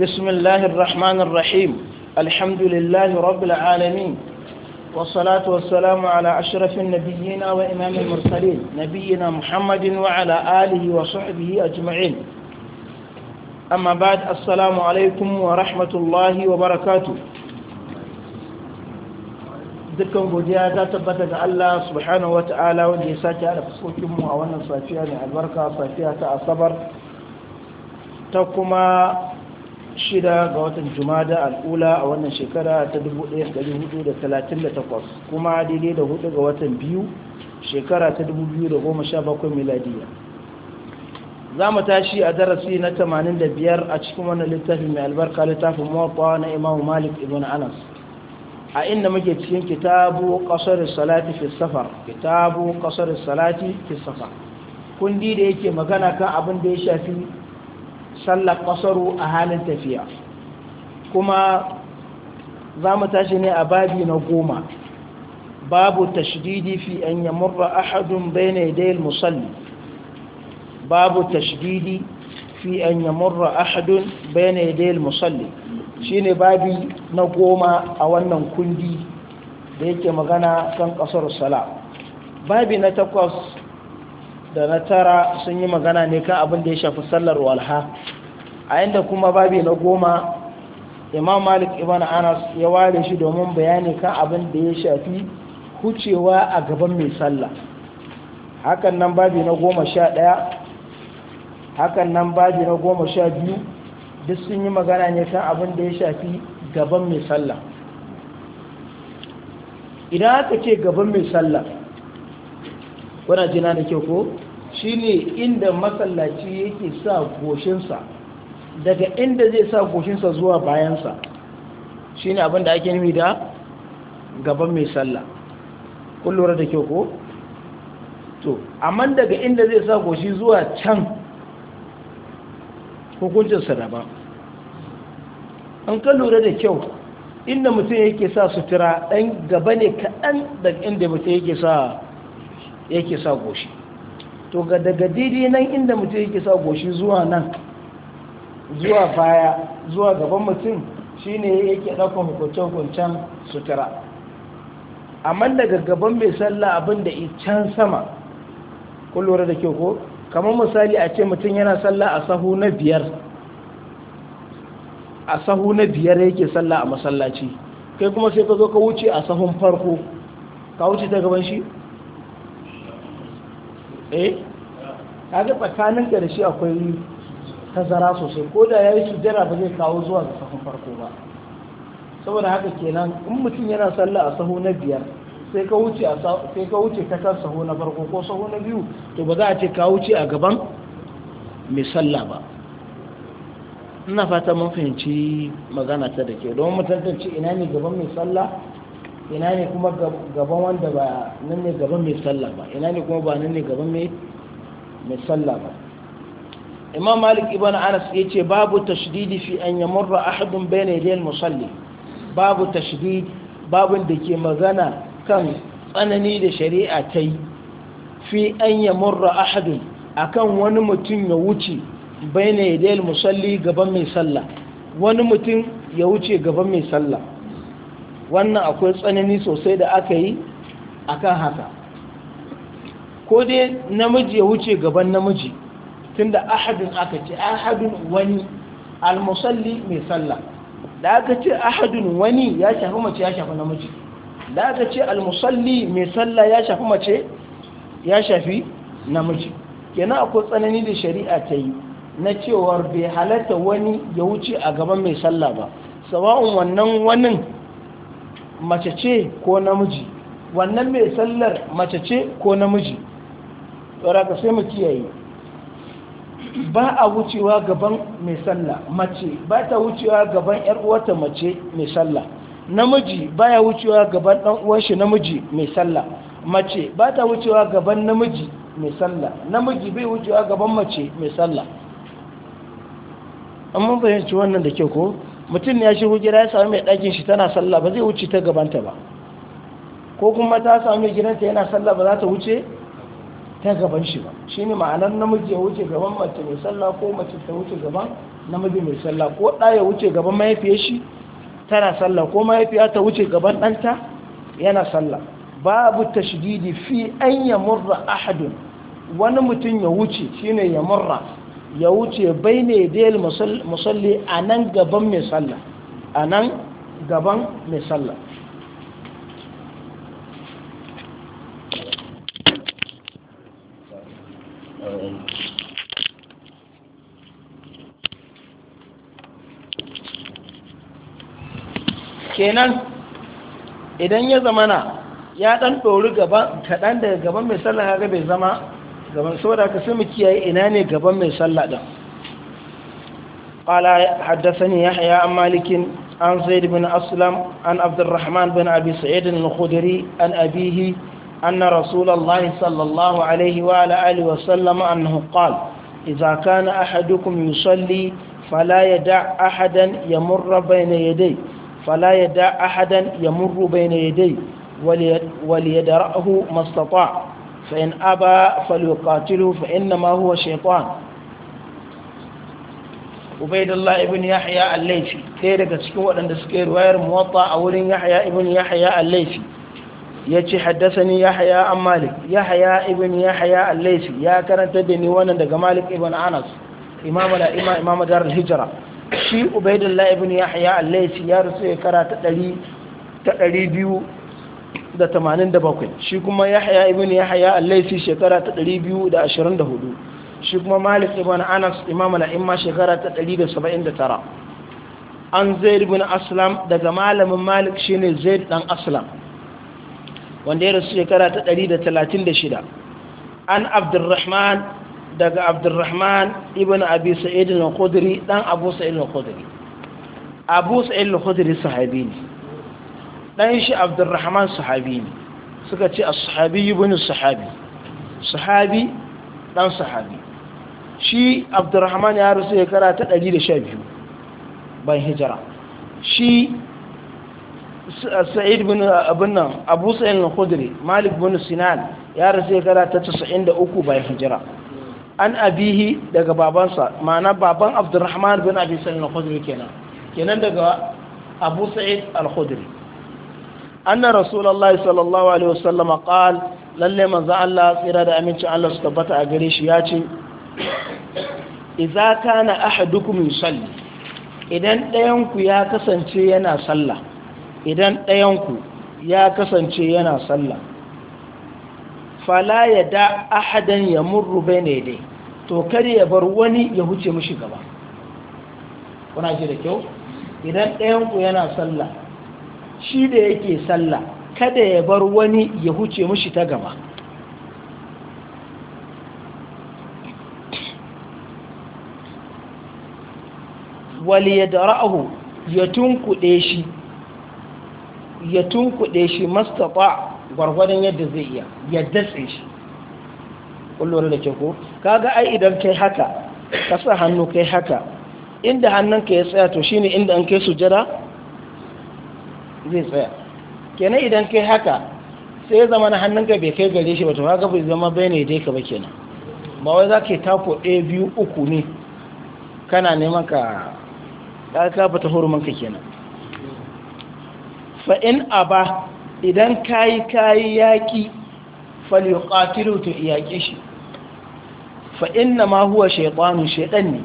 بسم الله الرحمن الرحيم الحمد لله رب العالمين والصلاة والسلام على أشرف النبيين وإمام المرسلين نبينا محمد وعلى آله وصحبه أجمعين أما بعد السلام عليكم ورحمة الله وبركاته dukkan godiya ta tabbata ga Allah subhanahu wata'ala wanda ya sake hada fuskokinmu a wannan safiya mai albarka safiya ta asabar ta kuma shida ga watan jumada al'ula a wannan shekara ta 1438 kuma daidai da hudu ga watan biyu shekara ta 2017 miladiya za mu tashi a darasi na 85 a cikin wannan littafi mai albarka littafin mawaƙwa na imamu malik ibn anas a inda muke cikin kitabu ƙasar salati fi safar kitabu ƙasar salati fi safar kundi da yake magana kan abin da ya shafi sallar kasaru a halin tafiya kuma za mu tashi ne a babi na goma babu tashdidi fi an yamurra ahadun bayna yadayil musalli babu tashdidi fi an yamurra ahadun bayna yadayil musalli ne babi na goma a wannan kundi da yake magana kan kasar sala babi na takwas da na tara sun yi magana ne kan abin da ya shafi sallar walha a yadda kuma babi na goma imam malik ibn anas ya ware shi domin bayani kan abin da ya shafi hucewa a gaban mai sallah hakan nan babi na goma sha ɗaya hakan nan babi na goma sha biyu duk sun yi magana ne kan abin da ya shafi gaban mai sallah idan aka ce gaban mai sallah wana jina da ke ko shine inda masallaci yake sa goshinsa daga inda zai sa goshinsa zuwa bayansa shine abin da ake nimi da gaban mai sallah kun lura da kyau ko to amma daga inda zai sa goshi zuwa can hukuncinsa ba? an ka lura da kyau inda mutum yake sa sutura ɗan gaba ne kaɗan daga inda mutum yake sa goshi to ga daga didi nan inda mutum yake sa goshi zuwa nan zuwa baya zuwa gaban mutum shi ne yake ɗaukan hukuncin hukuncen sutura amma daga gaban mai salla abin da can sama kun da ke ko kamar misali a ce mutum yana salla a sahu na biyar a sahu na biyar yake salla a masallaci kai kuma sai ka zo ka wuce a sahun farko ka wuce ta gaban shi eh kaga tsakanin karshe da shi akwai tazara sosai ko da yayi sujjara ba zai kawo zuwa ga sahun farko ba saboda haka kenan in mutum yana sallah a sahu na biyar sai ka wuce a sai ka wuce ta kan sahu na farko ko sahu na biyu to ba za a ce ka wuce a gaban mai sallah ba ina fata mun fahimci magana ta da ke don mutum ina ne gaban mai sallah ina ne kuma gaban wanda ba nan ne gaban mai sallah ba ina ne kuma ba nan ne gaban mai mai sallah ba imam malik ibn anas ya ce babu tashdidi fi an yamurra ahadun bayna yadayil musalli babu tashdid babun da ke magana kan tsanani da shari'a ta yi fi an yamurra ahadun akan wani mutum ya wuce bayna yadayil musalli gaban mai sallah wani mutum ya wuce gaban mai sallah wannan akwai tsanani sosai da aka yi a kan haka ko dai namiji ya wuce gaban namiji tunda ahadin aka ce ahadin wani almusalli mai sallah da aka ce ahadin wani ya shafi mace ya shafi namiji da aka ce almusalli mai sallah ya shafi mace ya shafi namiji kenan akwai tsanani da shari'a ta yi na cewar bai halatta wani ya wuce a gaban mai sallah ba sawa'un wannan wanin mace ce ko namiji wannan mai sallar mace ce ko namiji tsoraka sai mu kiyaye ba a wucewa gaban mai sallah mace ba ta wucewa gaban yar uwarta mace mai sallah namiji ba ya wucewa gaban ɗan uwan shi namiji mai sallah mace ba ta wucewa gaban namiji mai sallah namiji bai wucewa gaban mace mai sallah amma ci wannan da ke ko mutum ya shi gida ya sami mai ɗakin shi tana sallah ba zai wuce ta gabanta ba ko kuma ta sami mai gidanta yana sallah ba za ta wuce ta gaban shi ba shi ne ma'anar namiji ya wuce gaban mace mai sallah ko mace ta wuce gaban namiji mai sallah ko ɗa ya wuce gaban mahaifiyar shi tana sallah ko mahaifiya ta wuce gaban ɗanta yana sallah babu tashdidi fi an yamurra ahadun wani mutum ya wuce shine yamurra ya wuce bai ne dayal musalli a nan gaban mai sallah a nan gaban mai sallah kenan idan ya zamana ya dan ɗori kaɗan daga gaban mai sallah haka bai zama gaban saboda ka sami kiyaye ina ne gaban mai sallah din qala haddathani yahya an malikin an zaid bin aslam an abdurrahman bin abi sa'id al-khudri an abihi أن رسول الله صلى الله عليه وعلى آله وسلم أنه قال إذا كان أحدكم يصلي فلا يدع أحدا يمر بين يديه فلا يدع أحدا يمر بين يديه وليدرأه ما استطاع فإن أبى فليقاتله فإنما هو شيطان عبيد الله ابن يحيى الليثي ɗaya daga cikin waɗanda suke ruwayar muwatta a wurin yahya ibn yahya al-laifi yace haddathani yahya an malik yahya ibn yahya al-laifi ya karanta da ni wannan daga malik ibn anas imam al-imam dar al-hijra shi ubaidullah ibn yahya al ya rasu shekara ta 100 200 da tamanin da bakwai shi kuma haya ibn ya haya allaisi shekara ta ɗari biyu da ashirin da hudu shi kuma malik ibn anas imam al-imma shekara ta ɗari da saba'in da tara an zaid na aslam daga malamin malik shi ne zai dan aslam wanda ya rasu shekara ta ɗari da talatin da shida an abdurrahman daga abdurrahman ibn abi sa'id al-khudri dan abu sa'id al-khudri abu sa'id al-khudri sahabi ne ɗan shi abdurrahman sahabi ne suka ce a sahabi ibn sahabi sahabi ɗan sahabi shi abdurrahman ya rasu ya karata 112 ban hijira shi sa'id bin abinnan abu sa'id al-khudri malik bin sinan ya rasu ya karata ta 93 ban hijira an abihi daga babansa mana baban abdurrahman bin abi sa'id al-khudri kenan kenan daga abu sa'id al-khudri anna rasulullahi sallallahu alaihi wasallam qal lalle manzo Allah tsira da amincin Allah su tabbata a gare shi ya ce idza kana ahadukum yusalli idan ɗayan ku ya kasance yana sallah idan ɗayan ku ya kasance yana sallah fala ya da ahadan ya murru bai ne dai to kar ya bar wani ya huce mishi gaba kuna ji da kyau idan ɗayan ku yana sallah shi da yake sallah kada ya bar wani ya huce mushi ta gaba wali ya dara'ahu ya tunkuɗe shi ya tunkuɗe shi mastaba gwargwadon yadda zai iya ya datse shi kullum da ke ko kaga ai idan kai haka kasa hannu kai haka inda hannunka ya tsaya to shine inda an kai sujada zai tsaya kenan idan kai haka sai ya zama na hannunka bai kai gare shi ba to haka bai zama bai ne dai ka ba kenan ba wai za ka yi tako ɗaya biyu uku ne kana neman ka ka ba ta ka kenan in a ba idan kayi kayi yaƙi falyuƙatilu ta yaƙe shi in na ma huwa shaiɗanu shaiɗan ne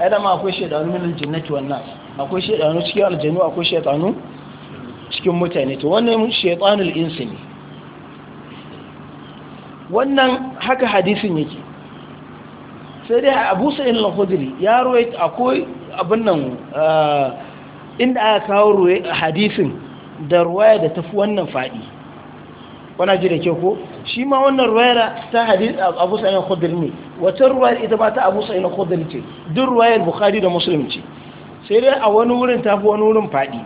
ai da ma akwai shaiɗanu minin jinnati wannan akwai shaitanu cikin aljanu akwai shaitanu cikin mutane to wannan shaitanul insi ne wannan haka hadisin yake sai dai abu sa'in al-khudri ya ruwaita akwai abin nan eh, inda aka kawo hadisin da ruwaya da tafi wannan fadi wana ji da ke ko shi ma wannan ruwayar ta hadis abu sa'in al-khudri ne wata ruwayar ita ba ta abu sa'in al-khudri ce duk ruwayar bukhari da muslim ce sai dai a wani wurin tafi wani wurin faɗi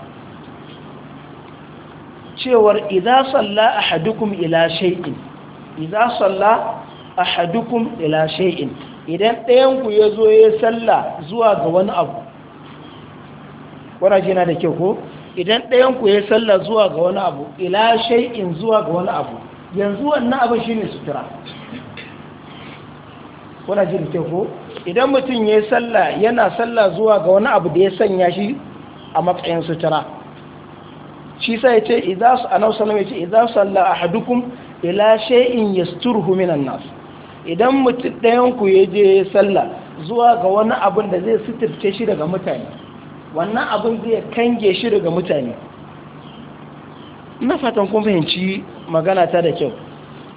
cewar idza salla ahadukum ila shay'in idza salla ahadukum ila shay'in idan ɗayan ku ya zo ya salla zuwa ga wani abu kwaraje na da kyau ko idan ɗayan ku ya salla zuwa ga wani abu ila shay'in zuwa ga wani abu yanzu wannan abin shine sutura kwaraje da kyau ko idan mutum ya yi sallah yana sallah zuwa ga wani abu da ya sanya shi a matsayin sutura shi sa ya ce idan anau salama ya ce idan sallah a hadukun ila ya minan nasu idan mutum ɗayan ku ya je sallah zuwa ga wani abin da zai suturce shi daga mutane wannan abin zai kange shi daga mutane Na fatan kun fahimci magana ta da kyau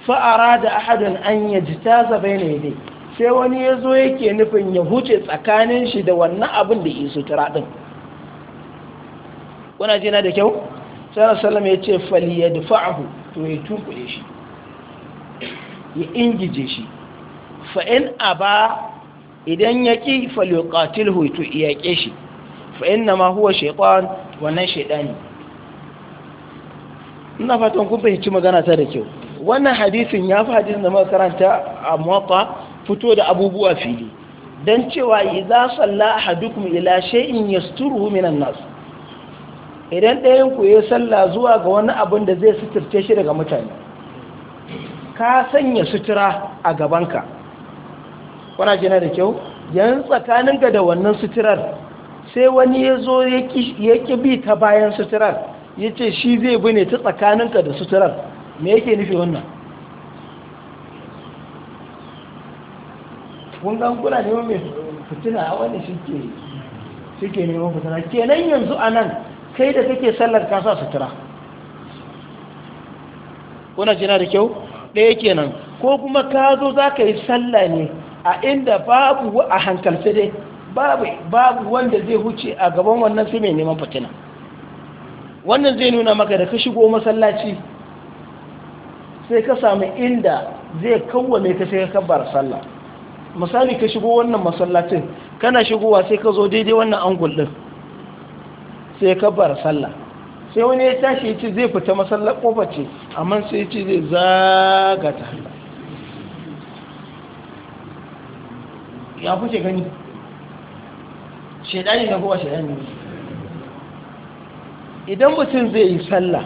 fa'ara da ahadin an yajtaza bayna dai. sai wani ya zo yake nufin ya huce tsakanin shi da wannan abin da yi sutura ɗin kuna jina da kyau sai salama ya ce fali ya dufa'ahu to ya tunkule shi ya ingije shi fa'in a ba idan ya ƙi ƙatil hoto ƙe shi fa'in na ma huwa shekwan wannan shaidani ina fatan kuma ya ci magana ta da kyau wannan hadisin ya fi hadisin da makaranta a mota fito da abubuwa fili don cewa idza salla ahadukum ila shay'in yasturuhu minan nasu, idan ɗayan ku ya salla zuwa ga wani abin da zai suturce shi daga mutane ka sanya sutura a gabanka kuna jina da kyau yan tsakaninka da wannan suturar sai wani ya zo ya ƙi bi ta bayan suturar ya ce shi zai bi ne ta tsakaninka da suturar me yake nufi wannan kun ga kula neman mai fitina wani shike shike neman fitina Ke nan yanzu anan kai da kake sallar ka sa sutura kuna jina da kyau ɗaya kenan ko kuma ka zo za ka yi sallah ne a inda babu a hankalce dai babu wanda zai huce a gaban wannan sai mai neman fitina wannan zai nuna maka da ka shigo masallaci sai ka samu inda zai kawwame ka sai ka kabbar sallah misali ka shigo wannan masallacin kana shigowa sai ka zo daidai wannan angul din sai ka bar sallah sai wani ya tashi ya ce zai fita masallar kofa ce amma sai ya ce zai zaga ta ya kuke gani shaidani na kowa shaidani ne idan mutum zai yi sallah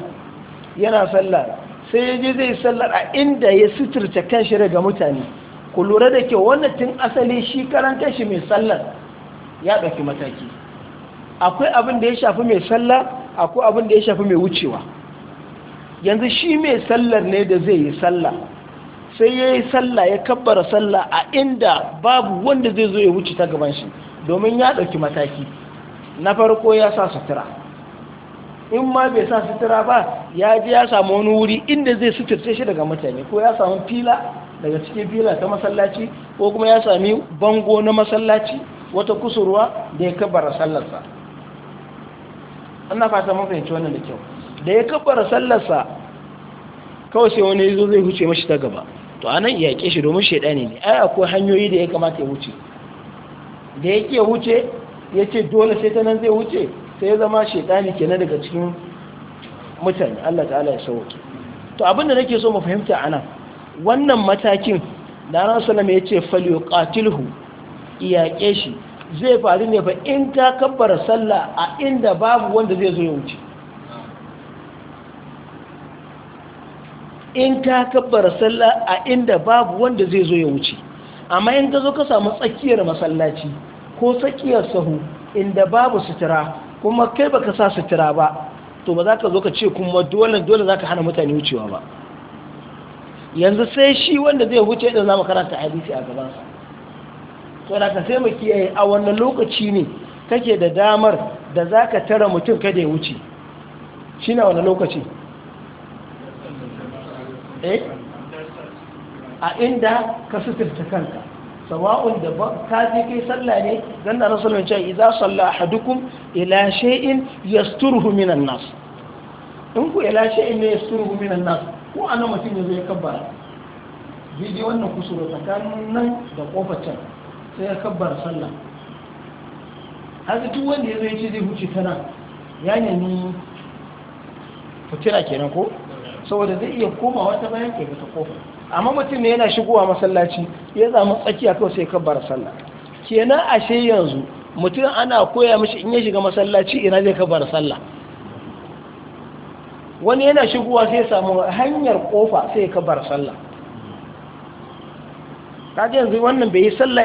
yana sallah sai ya je zai yi sallar a inda ya suturta kan shirya ga mutane ku lura da kyau wannan tun asali shi karanta shi mai sallar ya ɗauki mataki akwai abin da ya shafi mai sallar akwai abin da ya shafi mai wucewa yanzu shi mai sallar ne da zai yi sallah sai ya yi sallah ya kabbara sallah a inda babu wanda zai zo ya wuce ta gaban shi domin ya ɗauki mataki na farko ya sa sutura in ma bai sa sutura ba ya je ya samu wani wuri inda zai suturce shi daga mutane ko ya samu fila daga cikin fila ta masallaci ko kuma ya sami bango na masallaci wata kusurwa da ya kabbara sallarsa ana fata mafi yanci wannan da kyau da ya kabbara sallarsa kawai sai wani yazo zai huce mashi ta gaba to anan ya ke shi domin shedani ne ai akwai hanyoyi da ya kamata ya huce da ya ke huce ya ce dole sai ta nan zai huce sai ya zama shaitani kenan daga cikin mutane Allah ta'ala ya sauke to abinda nake so mu fahimta anan wannan matakin da ran sallama ya ce falyuqatilhu iyake shi zai faru ne fa in ta kabbara sallah a inda babu wanda zai zo ya wuce in ta kabbara sallah a inda babu wanda zai zo ya wuce amma in ka zo ka samu tsakiyar masallaci ko tsakiyar sahu inda babu sutura kuma kai baka sa sutura ba to ba za ka zo ka ce kuma dole dole za ka hana mutane wucewa ba yanzu sai shi wanda zai wuce da zama karanta hadisi a gabansa to da ka sai mu kiyaye a wannan lokaci ne kake da damar da za ka tara mutum kada ya wuce shi na wannan lokaci eh a inda ka suturta kanka sawa'un da ka je kai sallah ne dan da rasulun ce idza salla ahadukum ila shay'in yasturuhu minan nas in ku ila shay'in ne yasturuhu minan nas ko anan mutum ne zai kabbara bidi wannan kusuru tsakanin nan da kofacin can sai ya kabbara sallah haka duk wanda ya zai ci zai huce ta nan ya nemi fitina kenan ko saboda zai iya koma wata bayan kai ta kofar amma mutum ne yana shigowa masallaci ya zama tsakiya kawai sai kabbara sallah kenan ashe yanzu mutum ana koya mishi in ya shiga masallaci ina zai kabbara sallah wani yana shigowa sai samu hanyar kofa sai ya kabbara sallah kaje yanzu wannan bai yi sallah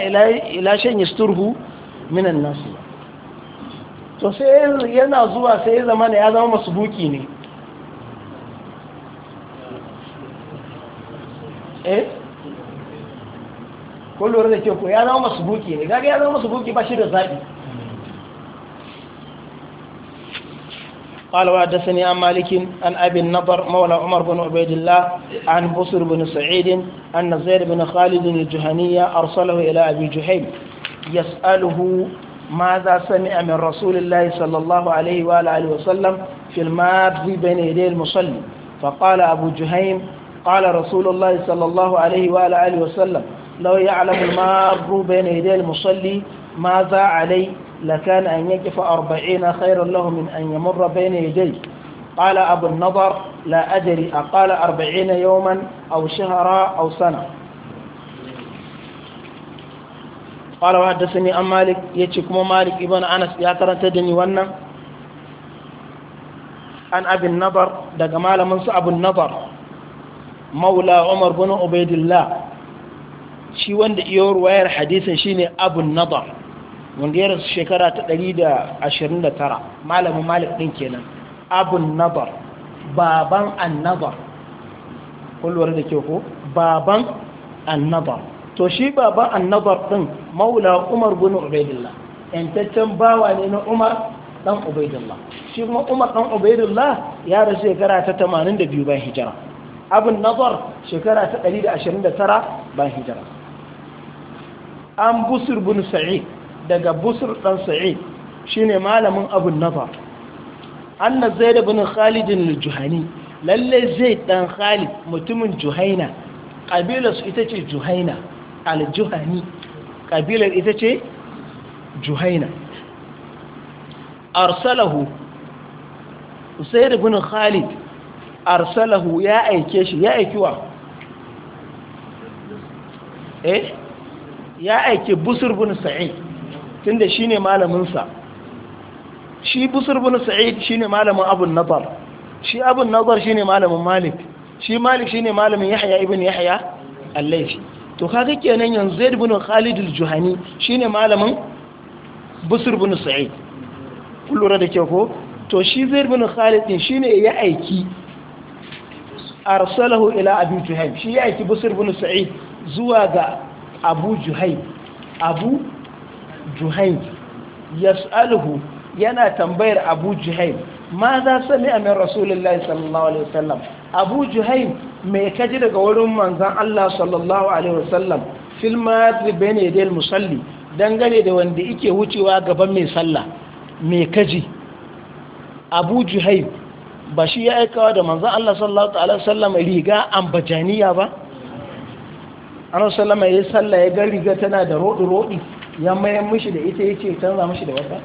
ila shan yasturhu minan nasu to sai yana zuwa sai ya zama ya zama masubuki ne eh ko lura da ke ko ya zama ne gaga ya zama ba shi da zaɓi قال وحدثني عن مالك عن ابي النضر مولى عمر بن عبيد الله عن بصر بن سعيد ان زيد بن خالد الجهني ارسله الى ابي جهيم يساله ماذا سمع من رسول الله صلى الله عليه واله وسلم في الماضي بين يدي المصلي فقال ابو جهيم قال رسول الله صلى الله عليه وعلى آله وسلم لو يعلم المار بين يدي المصلي ماذا عليه لكان أن يقف أربعين خيرا له من أن يمر بين يديه قال أبو النظر لا أدري أقال أربعين يوما أو شهرا أو سنة قال وحدثني أم مالك يتشكم مالك ابن أنس يا ترى تدني ونا عن أبي النظر دقمال منص أبو النظر maula umar bin ubaidillah shi wanda iyo ruwayar hadisin shine abun nadar wanda ya rasu shekara ta 129 malamin malik din kenan abun nadar baban annabar kullum da ke ko baban annabar to shi baban annabar din maula umar bin ubaidillah yantaccen bawa ne na umar dan ubaidillah shi kuma umar dan ubaidillah ya rasu shekara ta 82 bayan hijira abin nazar shekara ta 129 bayan hijira an busur bin sa'id daga busur dan sa'id shine malamin abin nazar anna zaid bin khalid al-juhani lalle zaid dan khalid mutumin juhaina kabilar ita ce juhaina al-juhani kabilar ita ce juhaina arsalahu zaid bin khalid arsalahu ya aike shi ya aiki wa eh ya aike busur bin sa'id tunda shine malamin sa shi busur bin sa'id shine malamin abu nadar shi abu nadar shine malamin malik shi malik shine malamin yahya ibn yahya al-laythi to kaga kenan yanzu zaid bin khalid al-juhani shine malamin busur bin sa'id kullu da ke ko to shi zaid bin khalid din shine ya aiki arsalahu ila abu juhaib shi ya aiki busir bin sa'id zuwa ga abu juhaib abu juhaib yas'aluhu yana tambayar abu juhaib ma za sami amin rasulullahi sallallahu alaihi wasallam abu juhaib mai kaji daga wurin manzon Allah sallallahu alaihi wasallam fil madri bene del musalli dangane da wanda yake wucewa gaban mai sallah mai kaji abu juhaib ba shi ya aikawa da manzan Allah sallallahu alaihi wasallam riga ambajaniya ba an sallama ya salla ya ga riga tana da roɗi-roɗi ya mayan mishi da ita ya ce canza mishi da wata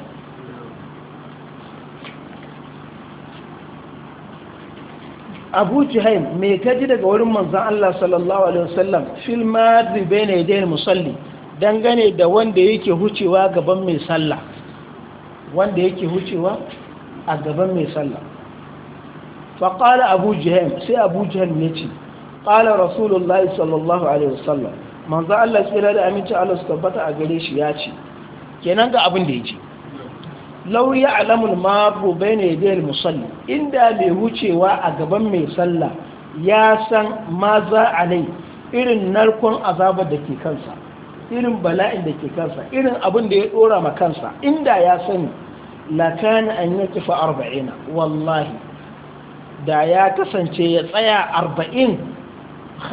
abu me mai kaji daga wurin manzan Allah sallallahu alaihi wasallam fil madri bayna yadayil musalli dangane da wanda yake hucewa gaban mai sallah wanda yake hucewa a gaban mai sallah faƙala abu sai abu jiham ya ce ƙala rasulullah sallallahu alaihi wasallam manzo Allah tsira da aminci Allah su tabbata a gare shi ya ce kenan ga abin da ya ce lau ya alamul mabu bai da musalli inda mai wucewa a gaban mai sallah ya san ma za a irin narkon azabar da ke kansa irin bala'in da ke kansa irin abin da ya dora ma kansa inda ya sani lakana an yi tafi arba'ina wallahi da ya kasance ya tsaya arba'in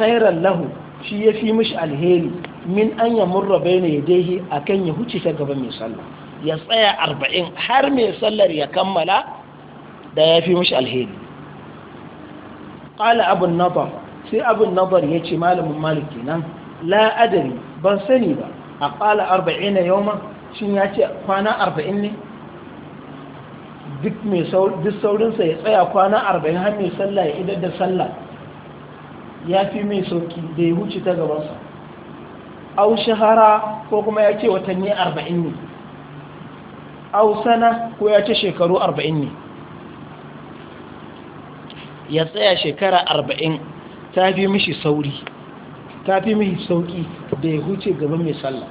khairan lahu shi ya fi mishi alheri min an ya murra bayna yadayhi akan ya huce ta gaba mai sallah ya tsaya arba'in har mai sallar ya kammala da ya fi mishi alheri Ƙala abun nabar, sai abun ya ce malamin malik kenan la adari ban sani ba a qala 40 shi shin yace kwana arba'in ne duk mai saurinsa ya tsaya kwana arba'in har mai sallah ya idar da sallah ya fi mai sauki da ya huce ta gabansa au shahara ko kuma ya ce watanni arba'in ne au sana ko ya ce shekaru arba'in ne ya tsaya shekara arba'in ta fi mishi sauri ta fi mishi sauki da ya huce gaban mai sallah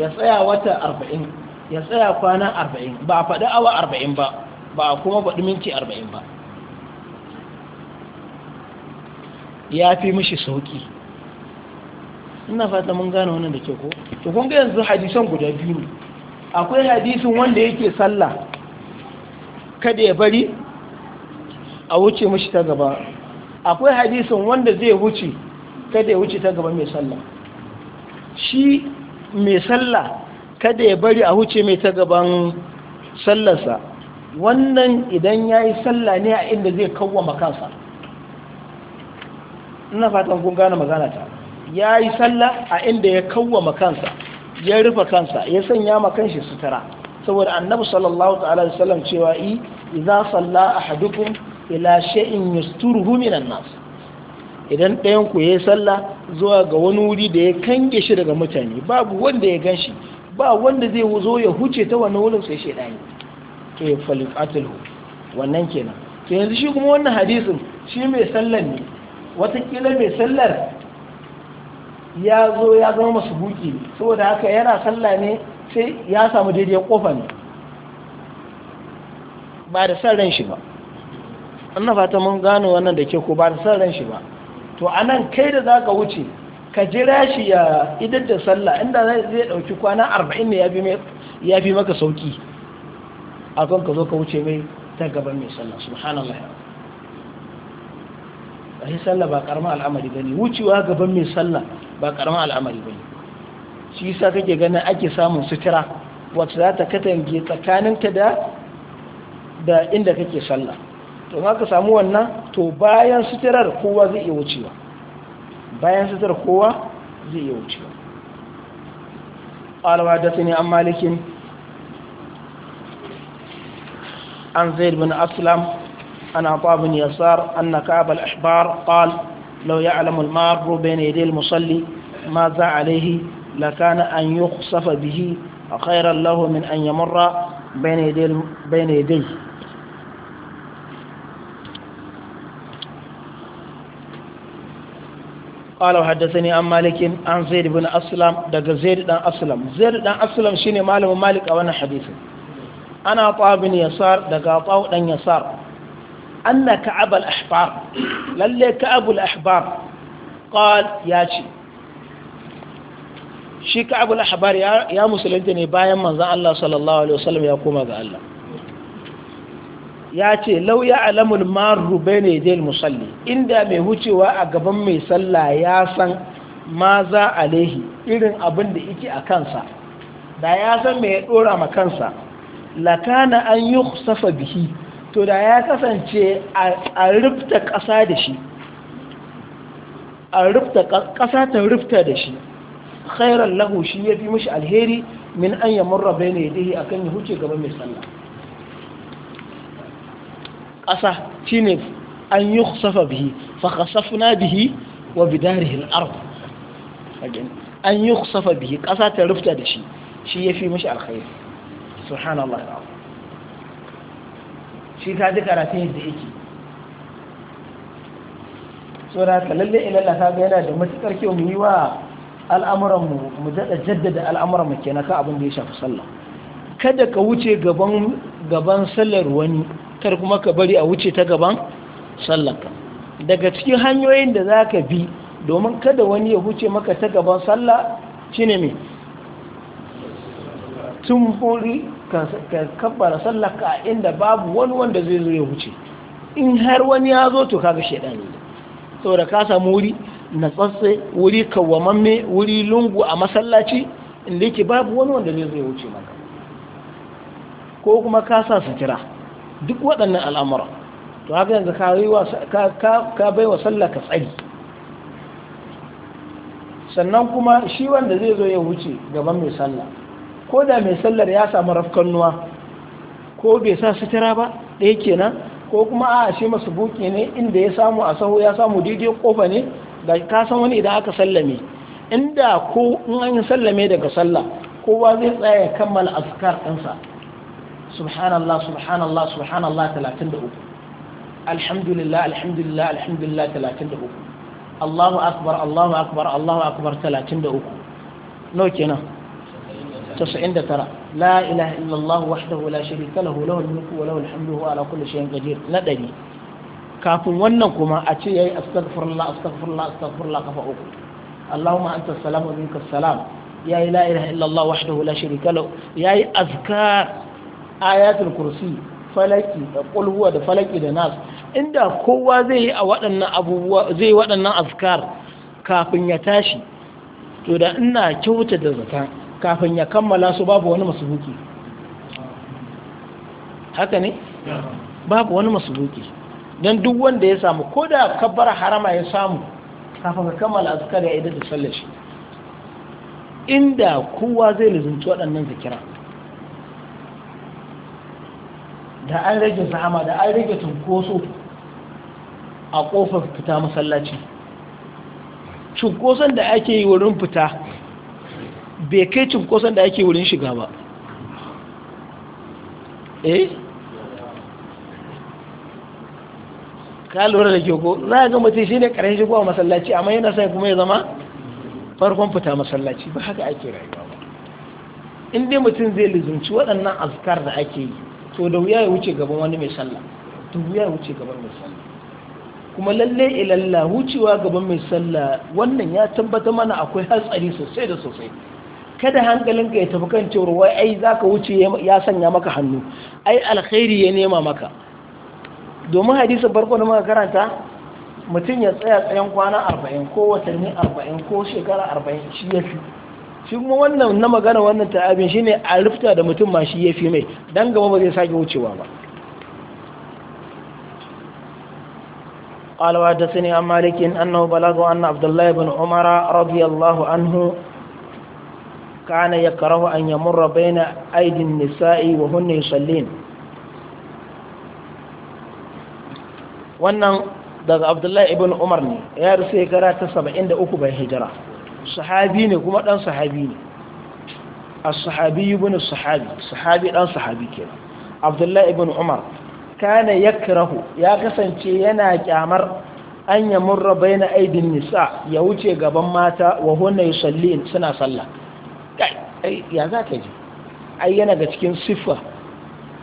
ya tsaya wata arba'in ya tsaya kwana arba'in ba a faɗi awa arba'in ba ba a kuma faɗi minti arba'in ba ya fi mishi sauƙi ina fata mun gane wannan da ke ko to kun ga yanzu hadisan guda biyu ne akwai hadisin wanda yake sallah kada ya bari a wuce mishi ta gaba akwai hadisin wanda zai wuce kada ya wuce ta gaba mai sallah shi mai sallah kada ya bari a huce mai ta gaban sallarsa wannan idan ya yi sallah ne a inda zai kawwama kansa ina fatan kun gane magana ta ya yi sallah a inda ya kawwama kansa ya rufe kansa ya sanya ma kanshi sutura saboda annabi sallallahu alaihi wasallam cewa i idan salla ahadukum ila shay'in yasturuhu minan nas idan ɗayan ku yayi sallah zuwa ga wani wuri da ya kange shi daga mutane babu wanda ya ganshi ba wanda zai zo ya huce ta wannan wurin sai shaidani to ya falifatilu wannan kenan to yanzu shi kuma wannan hadisin shi mai sallar ne watakila mai sallar ya zo ya zama masu buki saboda haka yana salla ne sai ya samu daidai kofa ne ba da san ran shi ba an fata mun gano wannan da ke ko ba da san ran shi ba to anan kai da zaka wuce ka jira shi ya idan da sallah inda zai dauki kwana arba'in ne ya fi maka sauki a kan ka zo ka wuce mai ta gaban mai sallah subhanallah a yi sallah ba karama al'amari ba ne wucewa gaban mai sallah ba karama al'amari bane. shi yasa kake ganin ake samun sutura wacce za ta katange tsakaninka da da inda kake sallah to ma ka samu wannan to bayan suturar kowa zai iya wucewa bayan sutar kowa zai iya wuce alawa da ne an malikin an zaid bin aslam an ata bin yasar anna ka'ab al-ahbar qala لو يعلم المار بين يدي المصلي ماذا عليه لكان أن يخصف به خيرا له من أن يمر بين يديه, بين يديه قال وحدثني عن مالك عن زيد بن أسلم دق زيد بن أسلم زيد بن أسلم شيني مالك مالك أو أنا حديث أنا طاء بن يسار دق طاء بن يسار أن كعب الأحبار للي كعب الأحبار قال ياتي shi ka'abul ahbar ya musulunta ne bayan manzon Allah sallallahu alaihi wasallam ya koma ga Allah ya ce lauya alamul maru ne dai musalli inda mai hucewa a gaban mai sallah ya san ma za alaihi irin abin da yake a kansa da ya san mai ya dora ma kansa lakana an yi safa bihi to da ya kasance a rufta kasa da shi a rufta kasa ta rufta da shi khairan lahu shi ya fi mashi alheri min an yamurra bane dai akan ya huce gaban mai sallah ƙasa shine an yi khasafa bihi fa bihi wa bidarihi al an yi khasafa bihi ƙasa ta rufta da shi shi yafi mishi alkhairi subhanallah shi ji karatun yadda yake ka lalle yana da matukar kyau mu yi wa mu daɗa jaddada al'amuran mu ka abin da ya shafi sallah kada ka wuce gaban gaban sallar wani kar kuma ka bari a wuce ta gaban sallanka daga cikin hanyoyin da za ka bi domin kada wani ya wuce maka ta gaban sallah ne mai tun hori ka kabbara sallaka a inda babu wani wanda zai zo ya wuce in har wani ya zo to kaga shaidani ne saboda ka samu wuri tsatsa wuri kawwamamme wuri lungu a masallaci inda yake babu wani wanda zai zo ya wuce maka ko kuma ka sa sutura duk waɗannan al'amura to haka yanzu ka bai wa sallah ka tsari sannan kuma shi wanda zai zo ya wuce gaban mai sallah ko da mai sallar ya samu rafkannuwa ko bai sa sutura ba ɗaya kenan ko kuma a shi masu buki ne inda ya samu a saho ya samu daidai kofa ne da ka san wani idan aka sallame inda ko in an yi sallame daga sallah kowa zai tsaya ya kammala askar ɗansa subhanallah subhanallah subhanallah 33 alhamdulillah alhamdulillah alhamdulillah 33 Allahu akbar Allahu akbar Allahu akbar 33 no kenan 99 la ilaha illallah wahdahu la sharika lahu lahul mulku wa lahul hamdu ala kulli shay'in qadir na dani kafin wannan kuma a ce yayi astaghfirullah astaghfirullah astaghfirullah kafa uku Allahumma anta salamu minka salam yayi la ilaha illallah wahdahu la sharika lahu yayi ayatul kursi falaki da kulhuwa da falaki da nas inda kowa zai yi a waɗannan abubuwa zai yi waɗannan askar, kafin ya tashi to da ina kyauta da zata kafin ya kammala su babu wani masubuki haka ne babu wani masubuki don duk wanda ya samu ko da kabbar harama ya samu kafin ka kammala askar ya idan da sallar shi inda kowa zai lizinci waɗannan zikira da an rage zama da an rage cunkoso a ƙofar fita masallaci cunkoson da ake yi wurin fita bai kai cunkoson da ake wurin shiga ba eh ka lura da ke ko za a ga mutum shi ne karin shigowa masallaci amma yana sai kuma ya zama farkon fita masallaci ba haka ake rayuwa ba inda mutum zai lizunci waɗannan azkar da ake yi to da wuya ya wuce gaban wani mai sallah to wuya ya wuce gaban mai sallah kuma lalle ilalla wucewa gaban mai sallah wannan ya tabbata mana akwai hatsari sosai da sosai kada ka ya tafi kan cewa wai ai zaka wuce ya sanya maka hannu ai alkhairi ya nema maka domin hadisin farko da muka karanta mutum ya tsaya tsayan kwana 40 ko watanni 40 ko shekara 40 shi yafi shi kuma wannan na magana wannan ta shine shi a rufta da mutum ma shi ya fi mai don gaba ba zai sake wucewa ba ƙalwa ta sani an malikin an na hubala zuwa abdullahi bin umara anhu ka na ya kara an yammun rabai na aidin nisa'i wa hunne shalin wannan daga abdullahi bin umar ne ya rusa ya gara ta 73 bai hijira sahabi ne kuma dan sahabi ne as-sahabi ibn sahabi sahabi dan sahabi ke. abdullahi ibn umar kana yakrahu ya kasance yana kyamar an yamurra baina aidin nisa ya wuce gaban mata wa hunna yusallin suna sallah kai ya za ka ji ai yana ga cikin siffa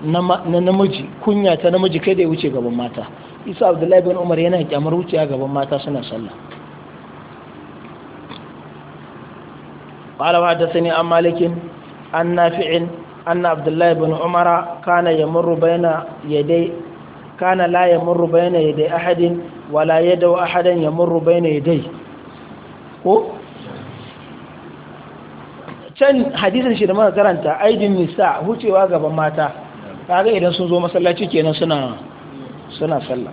na namiji kunya ta namiji kada ya wuce gaban mata isa abdullahi ibn umar yana kyamar wuce gaban mata suna sallah قال وحدثني عن مالك عن نافع أن عبد الله بن عمر كان يمر بين يدي كان لا يمر بين يدي أحد ولا يد أحدا يمر بين يديه can hadisin shi da muka karanta aidin nisa hucewa gaban mata kaga idan sun zo masallaci kenan suna suna sallah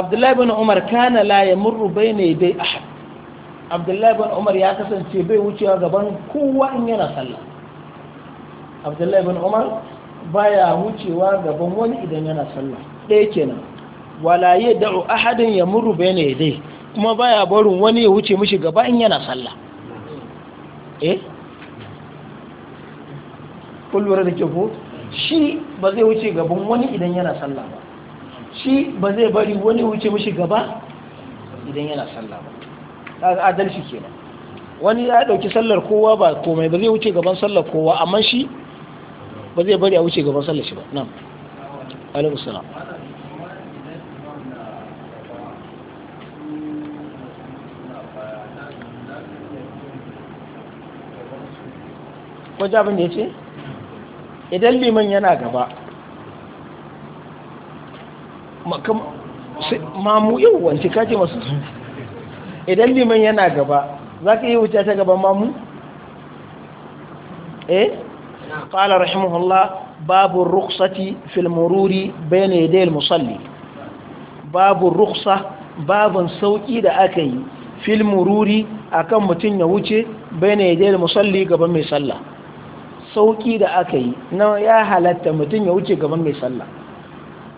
Abdullahi bin Umar kana la yamurru bayna yaday ahad abdullahi bin umar ya kasance bai wucewa gaban kowa in yana sallah abdullahi bin umar baya wucewa gaban wani idan yana sallah ɗaya kenan wala ya da'u ahadin ya muru bene dai kuma baya barin wani ya wuce mishi gaba in yana sallah eh kullura da ke ko shi ba zai wuce gaban wani idan yana sallah ba shi ba zai bari wani wuce mishi gaba idan yana sallah ba adalci kenan wani ya dauki sallar kowa ba komai ba zai wuce gaban sallar kowa amma shi ba zai bari a wuce gaban sallar shi ba nan alaikum salam wajen abin da ya ce idan liman yana gaba mamu yau wancan kaji masu idan liman yana gaba za ka yi wuce ta gaban mamu? eh? ƙala rahimahullah babu ruksati filmururi bayan yadda musalli babu ruksa babun sauƙi da aka yi filmururi akan mutum ya wuce bayan yadda musalli gaban mai sallah sauƙi da aka yi na ya halatta mutum ya wuce gaban mai sallah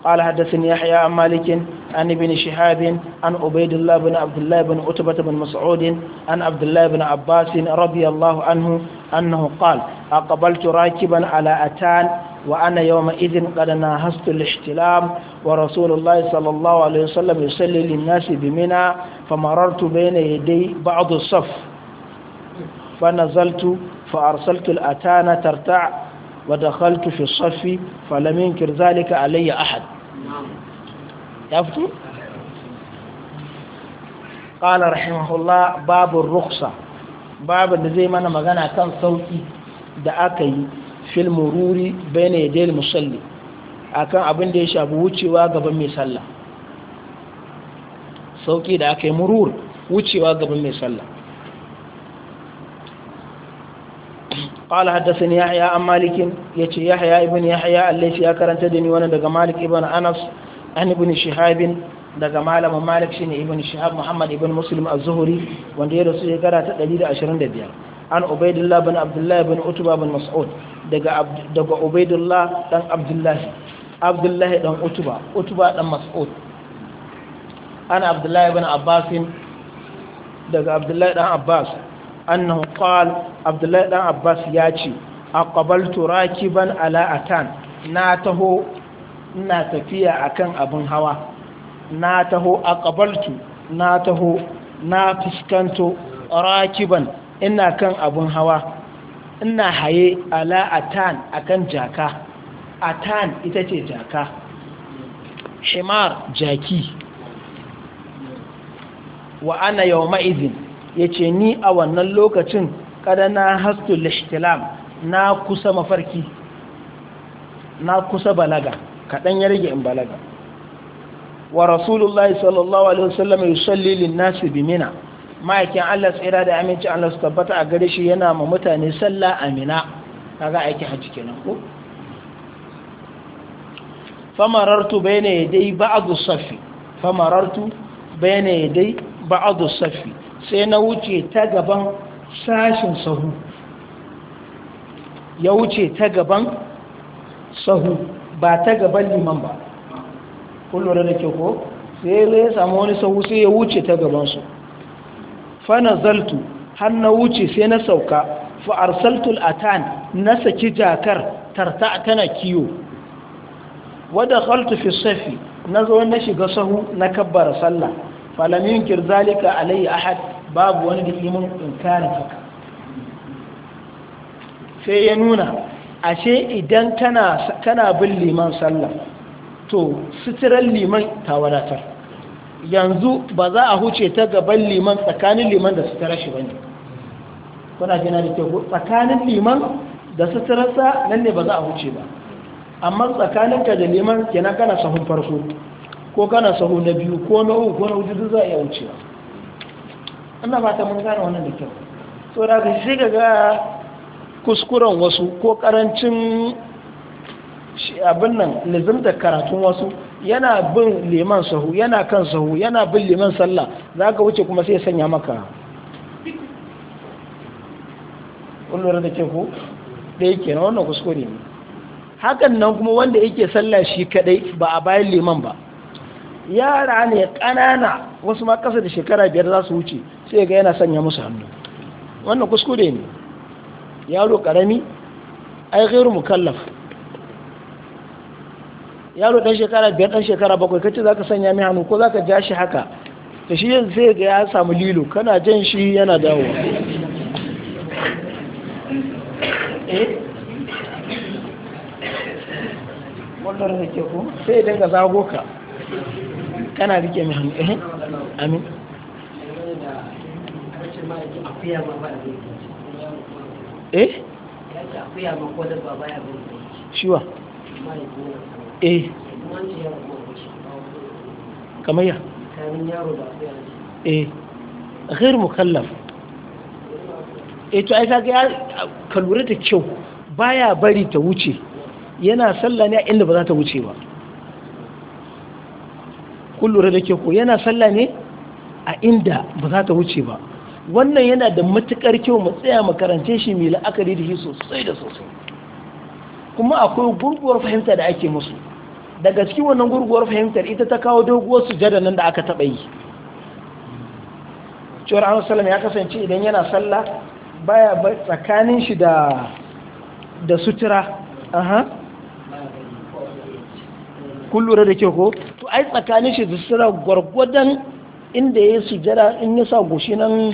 قال حدثني يحيى عن مالك عن ابن شهاب عن عبيد الله بن عبد الله بن عتبة بن مسعود عن عبد الله بن عباس رضي الله عنه أنه قال أقبلت راكبا على أتان وأنا يومئذ قد ناهزت الاحتلام ورسول الله صلى الله عليه وسلم يصلي للناس بمنى فمررت بين يدي بعض الصف فنزلت فأرسلت الأتان ترتع ودخلت في الصف فلم ينكر ذلك علي أحد يفتو قال رحمه الله باب الرخصة باب الذي من مغانا كان صوتي دعاكي في المرور بين يدي المصلي akan abin da ya shafi wucewa gaban mai sallah sauki da aka yi murur wucewa gaban mai sallah قال حدثني يحيى عن مالك يتي يحيى ابن يحيى الذي يا كرنت دني وانا daga مالك ابن انس عن ابن شهاب daga malamin malik shine ibn shihab muhammad ibn muslim az-zuhri wanda ya rasu shekara ta 125 an ubaidullah bin abdullah bin utba bin mas'ud daga daga dan abdullah abdullah dan utba utba dan mas'ud an abdullah bin abbas daga abdullah dan abbas annahu qal abdullahi dan abbas ya ce aqbaltu rakiban ala atan na taho ina tafiya akan abin hawa na taho aqbaltu na taho na fuskanto rakiban ina kan abin hawa ina haye ala atan akan jaka atan ita ce jaka himar jaki wa ana yawma izin ya ce ni a wannan lokacin kada na hastu lishtilam na kusa mafarki na kusa balaga kaɗan ya rage in balaga wa rasulullah sallallahu alaihi wasallam salli lin-nasi bi mina ma'aikin Allah tsira da aminci Allah su tabbata a gare shi yana ma mutane salla a kaga aiki haji kenan ko famarartu bayna yadai ba'd as-saffi famarartu bayna yadai ba'd as sai na wuce ta gaban sashin sahu ya wuce ta gaban sahu ba ta gaban liman ba kullum da ke ko sai ya samu wani sahu sai ya wuce ta gabansu fana zaltu har na wuce sai na sauka saltul atan na saki jakar tarta tana kiyo wadda khaltu fi safi na zo na shiga sahu na kabbara sallah falamin kirzalika alayya ahad babu wani da imin inkarin haka sai ya nuna ashe idan kana bin liman sallah to suturar liman ta wadatar yanzu ba za a huce ta gaban liman tsakanin liman da suturar shi bane kuna jina da kyau tsakanin liman da suturarsa nan ne ba za a huce ba amma tsakaninka da liman kenan kana sahun farko ko kana sahun na biyu ko na uku ko na hudu za a iya wucewa ina ba ta mun gane wannan da kyau to da shi ga kuskuren wasu ko karancin abin nan da karatun wasu yana bin liman sahu yana kan sahu yana bin liman sallah za ka wuce kuma sai sanya maka kullum da ke ku yake na wannan kuskure ne hakan nan kuma wanda yake sallah shi kadai ba a bayan liman ba yara ne ƙanana wasu ma ƙasa da shekara biyar za su wuce sai ga yana sanya musu hannu wannan kuskure ne yaro ƙarami ai ghairu mukallaf yaro ɗan shekara biyar ɗan shekara bakwai kace za ka sanya mai hannu ko za ka ja shi haka da shi yanzu sai ga ya samu lilo kana jan shi yana dawo eh? sai dinga zago ka kana rike mai hannu eh amin eh shiwa eh kamar ya eh ghir mukallaf eh to ai kaga ka lura da kyau baya bari ta wuce yana sallah ne inda ba za ta wuce ba kun da ke ko yana sallah ne a inda ba za ta wuce ba wannan yana da matukar kyau mu tsaya mu karance shi mai la'akari da shi sosai da sosai kuma akwai gurguwar fahimta da ake musu daga cikin wannan gurguwar fahimtar ita ta kawo doguwar sujada nan da aka taɓa yi cewar an salam ya kasance idan yana sallah baya tsakanin shi da da sutura kun lura da ke ko to ai tsakanin shi da sura gwargwadon inda ya sujada in ya sa goshi nan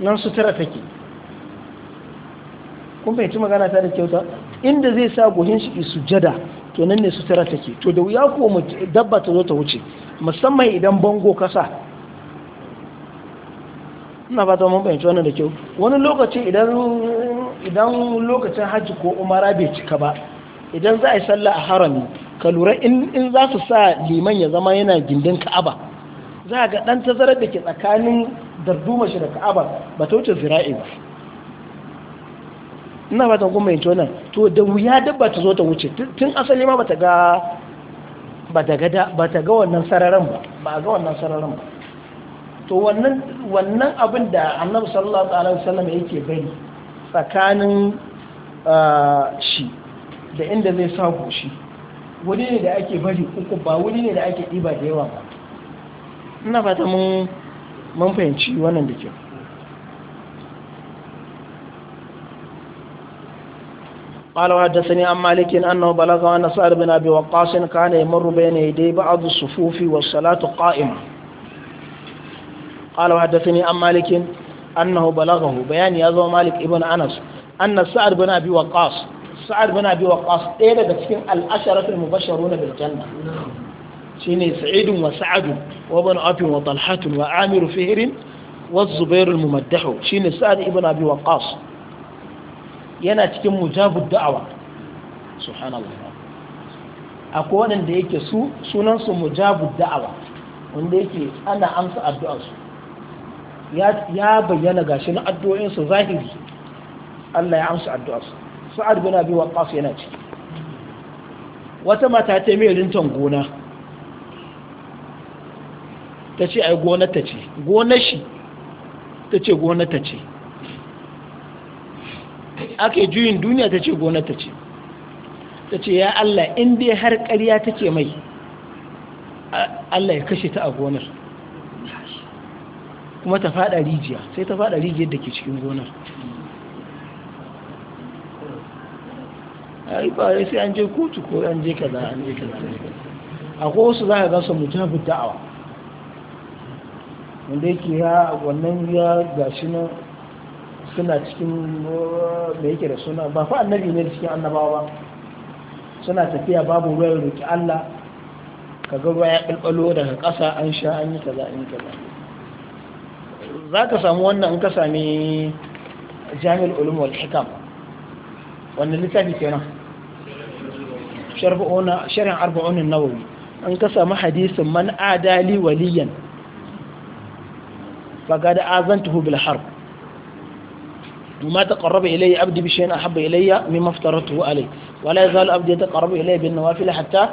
nan sutura take kun fahimci magana ta da kyauta inda zai sa goshin shi sujada to nan ne sutura take to da wuya ko dabba ta zo ta wuce musamman idan bango kasa ina ba ta fahimci wannan da kyau wani lokaci idan lokacin hajji ko umara bai cika ba idan za a yi sallah a harami ka lura in za su sa liman ya zama yana gindin ka'aba za ga ɗan tazarar da ke tsakanin darduma shi da ka'aba ba ta wuce zira'i ba ina ba ta kuma yanci wannan to da wuya ba ta zo ta wuce tun asali ma ba ta ga ba ta ga wannan sararin ba ba ga wannan sararin ba to wannan wannan abin da annabi sallallahu alaihi wasallam yake bari tsakanin ah, shi da inda zai sa goshi wuri ne da ake bari uku ba wuri ne da ake ɗiba da yawa ba ina fata mun mun fahimci wannan da kyau قال وحدثني عن مالك انه بلغ ان سعد بن ابي وقاص كان يمر بين يدي بعض الصفوف والصلاه قائمه قال وحدثني عن مالك انه بلغه بيان يزو مالك ابن انس ان سعد بن ابي وقاص sa'ad bin abi waqqas ɗaya daga cikin al-asharatul mubashsharun bil janna shine sa'id wa sa'ad wa ibn abi wa talhat wa amir fihr wa zubair al-mumaddah shine sa'ad ibn abi waqqas yana cikin mujabud da'awa subhanallah akwai wanda yake su sunan su mujabud da'awa wanda yake ana amsa addu'ar su. ya bayyana gashi na su zahiri Allah ya amsa addu'ar su. sa'ad biyu abi waqqas yana ciki wata mata ta mai rintan gona ta ce ai gonar ta ce gonar shi ta ce gonar ta ce ake juyin duniya ta ce gonar ta ce ta ce ya Allah in dai har ƙarya take mai Allah ya kashe ta a gonar kuma ta fada rijiya sai ta fada rijiyar da ke cikin gonar ai ba sai an je kotu ko an je kaza an je kaza akwai wasu za ka gasa mujabin da'awa wanda yake ya wannan ya gashi nan suna cikin da yake da suna ba fa annabi ne cikin annabawa ba suna tafiya babu ruwa ya roki Allah ka ga ruwa ya kalbalo daga ƙasa an sha an yi kaza an yi kaza za ka samu wannan in ka sami jami'ul ulum wal hikam wannan littafi kenan شرع arba'unin النووي انقسم حديث من hadisin لي وليا waliyan فقد آذنته بالحرب وما تقرب إلي أبدي بشيء أحب إلي مما افترضته عليه ولا يزال أبدي يتقرب إلي بالنوافل حتى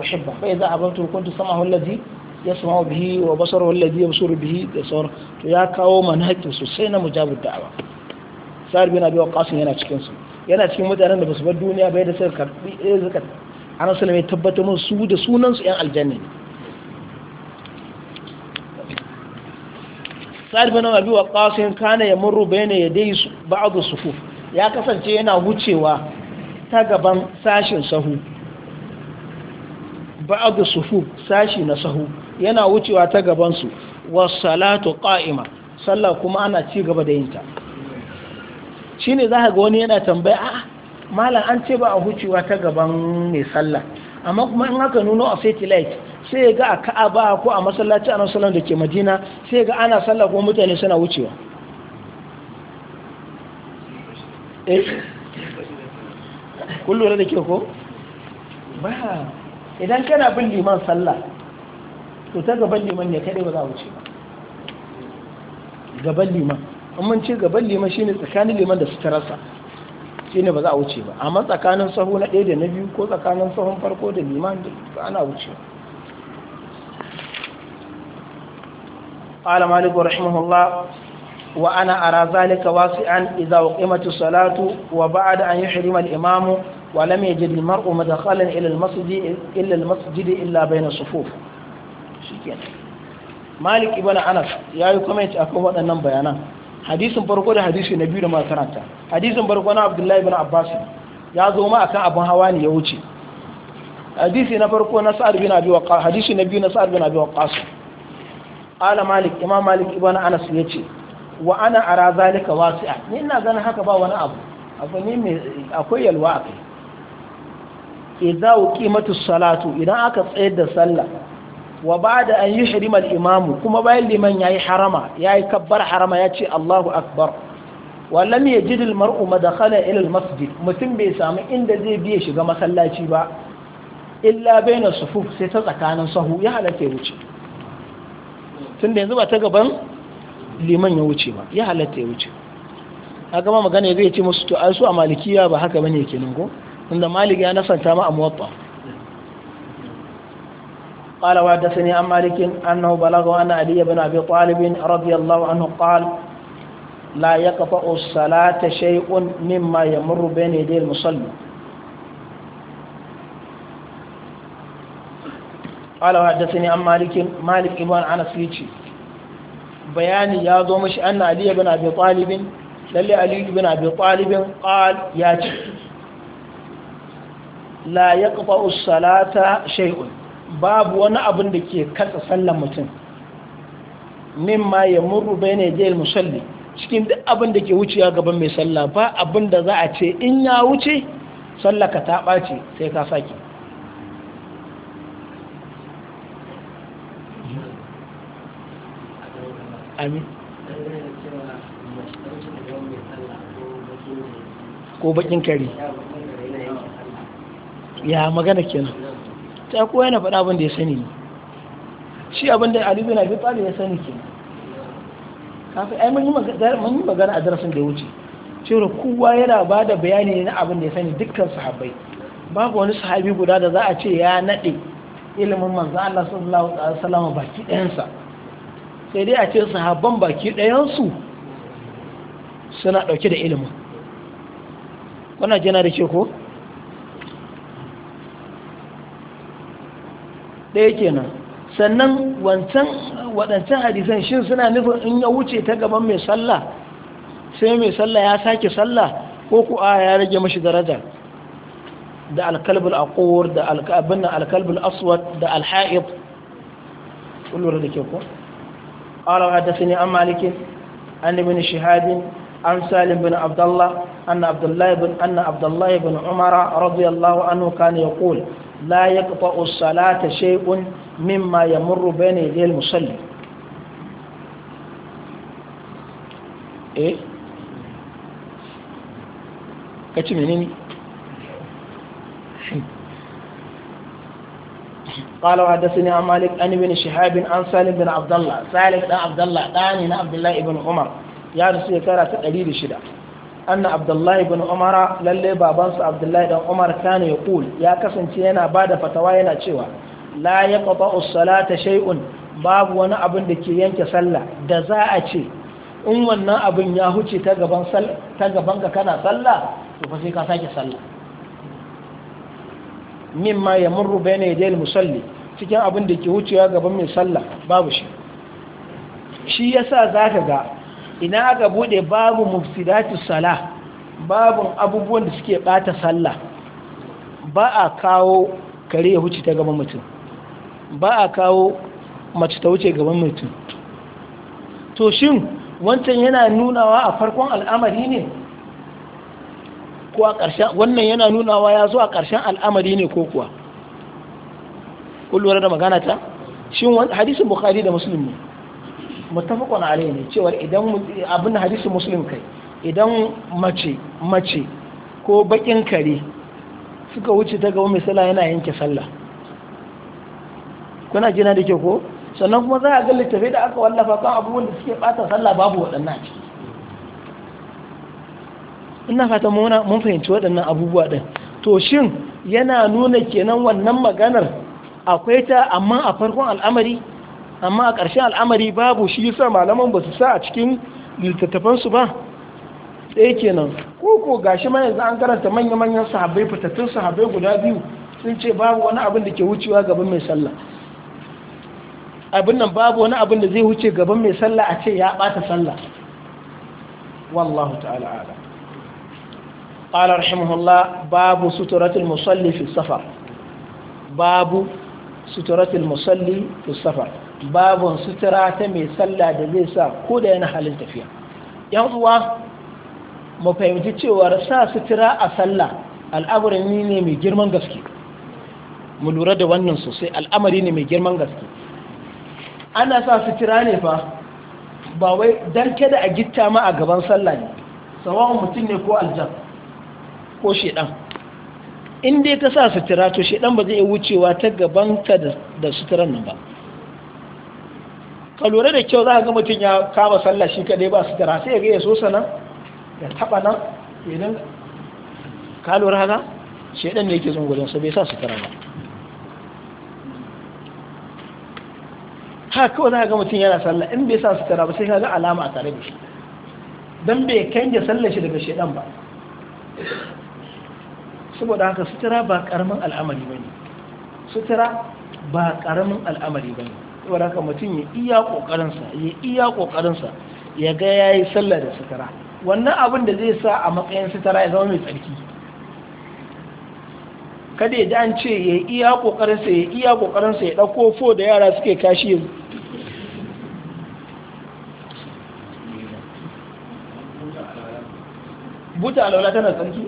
أحبه فإذا أحببته كنت سمعه الذي يسمع به وبصره الذي يبصر به يصور يا كاو من هيك سوسينا مجاب الدعوة سار بن أبي وقاص هنا تشكنسون yana cikin mutanen da ba su bar duniya bai da suka karbi eh, suka ana mai tabbatar mun su da sunan su yan aljanna ne sa'ad bin abi qasim kana yamurru bayna yaday ba'd as-sufuf ya kasance yana wucewa ta gaban sashin sahu ba'd as sashi na sahu yana wucewa ta gaban su was salatu qa'ima sallah kuma ana ci gaba da yinta. shine za ga wani yana tambaya a malam an ce ba a hucewa ta gaban mai sallah amma kuma in haka nuno a satellite sai ga a ka'aba ko a masallaci a sallan da ke madina sai ga ana sallah ko mutane suna wucewa eh? kun kullum da ke ko? ba idan kana bin liman sallah to ta gaban liman ne kadai ba za a wuce ba gaban liman man ce gaban liman shine tsakanin liman da rasa shine ba za a wuce ba amma tsakanin sahu na ɗaya da na biyu ko tsakanin sahun farko da liman da ana wuce قال مالك رحمه الله وأنا أرى ذلك واسعا إذا أقيمت الصلاة وبعد أن يحرم الإمام ولم يجد المرء مدخلا إلى المسجد إلا المسجد إلا بين الصفوف مالك ابن أنس يا يكمل أكون waɗannan bayanan. hadisin farko da hadisi na biyu da masu karanta hadisin farko na abdullahi bin abbas ya zo ma akan abin hawa ne ya wuce hadisi na farko na sa'ad bin abi waqqas hadisi na biyu na sa'ad bin abi waqqas ala malik imam malik ibn anas yace wa ana ara zalika wasi'a ni ina ganin haka ba wani abu abu ne mai akwai yalwa akai idza uqimatus salatu idan aka tsayar da sallah wa ba da an yi shirimar imamu kuma bayan liman ya yi harama ya yi kabbar harama ya ce allahu akbar wallam ya ji dilmar ma da khala ilil masjid mutum bai samu inda zai biya shiga masallaci ba illa bai na sufu sai ta tsakanin sahu ya halatta ya wuce tun da yanzu ba ta gaban liman ya wuce ba ya halatta ya wuce a gama magana ya zai ce musu to ai su a malikiya ba haka bane kenan ko tunda maliki ya nasanta ma a muwatta قال وحدثني عن مالك أنه بلغ أن علي بن أبي طالب رضي الله عنه قال لا يقطع الصلاة شيء مما يمر بين يدي المصلي قال وحدثني عن مالك مالك ابن أنس يجي bayani ya zo mashi anna ali ibn abi talib lalle ali ibn abi talib qal ya ce la yaqfa as-salata shay'un babu wani abin da ke katsa sallan mutum min ma ya murru bai ne jayil musalli cikin duk abin da ke wucewa gaban mai sallah ba abin da za a ce in ya wuce sallaka ta ɓace sai ka sake amin ko bakin kari ya magana kenan ta kowa yana faɗa abin da ya sani shi abin da Ali na Abi Talib ya sani ke kafin ai mun yi magana a darasin da ya wuce cewa kowa yana ba da bayani na abin da ya sani dukkan sahabbai babu wani sahabi guda da za a ce ya naɗe ilimin manzan Allah sallallahu alaihi wasallam baki ɗayansa sai dai a ce sahabban baki ɗayansu suna ɗauke da ilimin kuna jina da ce ko ɗaya kenan sannan wancan waɗancan hadisan shin suna nufin in ya wuce ta gaban mai sallah sai mai sallah ya sake sallah ko ku a ya rage mashi daraja da alkalbul aqur da alkabin alkalbul aswad da alhaib. kullu da ke ko qala hadathani an malik an ibn shihab an salim bin abdullah anna abdullah ibn anna abdullah ibn umara radiyallahu anhu kana yaqul la yaqta'u as-salata shay'un mimma yamurru bayna yaday al-musalli eh kace menene قال وحدثني عن مالك عن ابن شهاب عن سالم بن عبد الله سالم بن عبد الله داني عبد الله بن عمر يا رسول الله تقريب شده anna abdullahi ibn umar lallai babansa abdullahi dan umar ya yaqul ya kasance yana bada fatawa yana cewa la yaqta'u salata shay'un babu wani abin da ke yanke sallah da za ce in wannan abin ya huce ta gaban ta gaban ka kana sallah to fa ka sake sallah cikin abin da ke wucewa gaban mai sallah babu shi shi yasa zaka ga Ina aka bude babu mufsidati sala babu abubuwan da suke bata sallah ba a kawo kare ya huce ta gaban mutum ba a kawo mace ta wuce gaban mutum to shin wancan yana nunawa a farkon al'amari ne ko a ƙarshen wannan yana nunawa ya zo a ƙarshen al'amari ne ko kuwa kullum da magana ta shin hadisin bukhari da muslim ne mutafakon alai ne cewar idan abin hadisu musulun kai idan mace mace ko bakin kare suka wuce ta gaba mai sallah yana yanke sallah kuna jina da ke ko sannan kuma za a ga littafi da aka wallafa kan abubuwan da suke bata sallah babu waɗannan a ciki ina fata mun fahimci waɗannan abubuwa ɗin to shin yana nuna kenan wannan maganar akwai ta amma a farkon al'amari amma a ƙarshen al'amari babu shi yasa malaman ba su sa a cikin littattafansu ba ɗaya kenan ko ko gashi mai yanzu an karanta manya-manyan sahabbai fitattun sahabbai guda biyu sun ce babu wani abin da ke wucewa gaban mai sallah abin nan babu wani abin da zai wuce gaban mai sallah a ce ya ɓata sallah wallahu ta'ala ala qala rahimahullah babu suturatul musalli fi safar babu suturatul musalli fi safar babun sutura ta mai sallah da zai sa ko da yana halin tafiya yan uwa mu fahimci cewar sa sutura a sallah al'amari ne mai girman gaske mu lura da wannan sosai al'amari ne mai girman gaske ana sa sutura ne fa ba wai dan kada a gitta ma a gaban sallah ne sawon mutum ne ko aljan ko shedan in dai ka sa sutura to shedan ba zai wucewa ta ka da suturan nan ba ka lura da kyau za ka ga mutum ya kama sallah shi kadai ba sutura sai ya ga ya so sanan ya taba nan ya ka lura haka shedan ne yake zungurin sa bai sa sutura ba haka kawai za ka ga mutum yana sallah in bai sa sutura ba sai ka ga alama a tare da shi don bai kange sallah shi daga shedan ba saboda haka sutura ba karamin al'amari ba ne. sutura ba karamin al'amari ba ne. saboda haka mutum ya iya kokarinsa ya iya kokarinsa ya ga yayi sallah da sutura wannan abin da zai sa a matsayin sutura ya zama mai tsarki kada ya ji an ce ya iya kokarinsa ya iya kokarinsa ya ɗauko fo da yara suke kashi buta alaula tana tsarki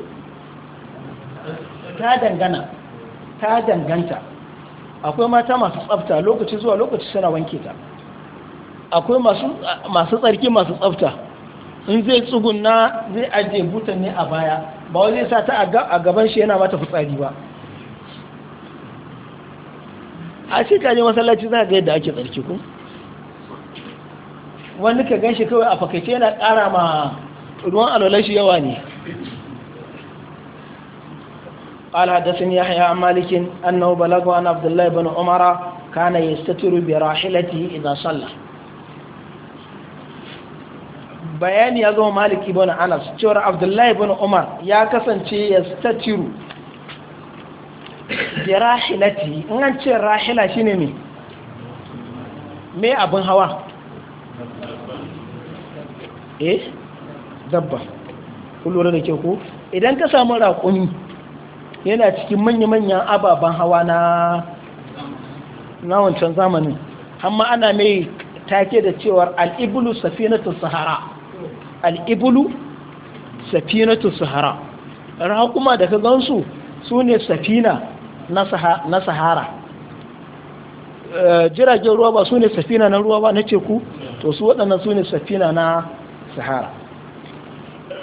ta dangana ta danganta akwai mata masu tsafta lokaci zuwa lokaci suna wanke ta akwai masu tsarki masu tsafta in zai na zai ajiye butan ne a baya ba wajen sa ta a gaban shi yana mata fitsari ba a ce ka masallaci za ga yadda ake tsarki ku wani ka gan shi kawai a fakaice yana kara ma ruwan alwalar shi yawa ne قال حدثني يحيى عن مالك أنه بلغ عن عبد الله بن عمر كان يستتر براحلته إذا صلى bayani ya zama maliki bin anas cewar abdullahi bin umar ya kasance ya statiru bi rahilati in an ce rahila shine ne me abin hawa dabba kullum da ke ko idan ka samu raƙumi yana cikin manya-manyan ababen hawa na na wancan zamanin amma ana mai take da cewar al'ibulu safinatu sahara al'ibulu safinatu sahara raƙuma da ka gansu su ne safina na sahara eh, jiragen ruwa ba su ne safina na ruwa ba na teku to su waɗannan su ne safina na sahara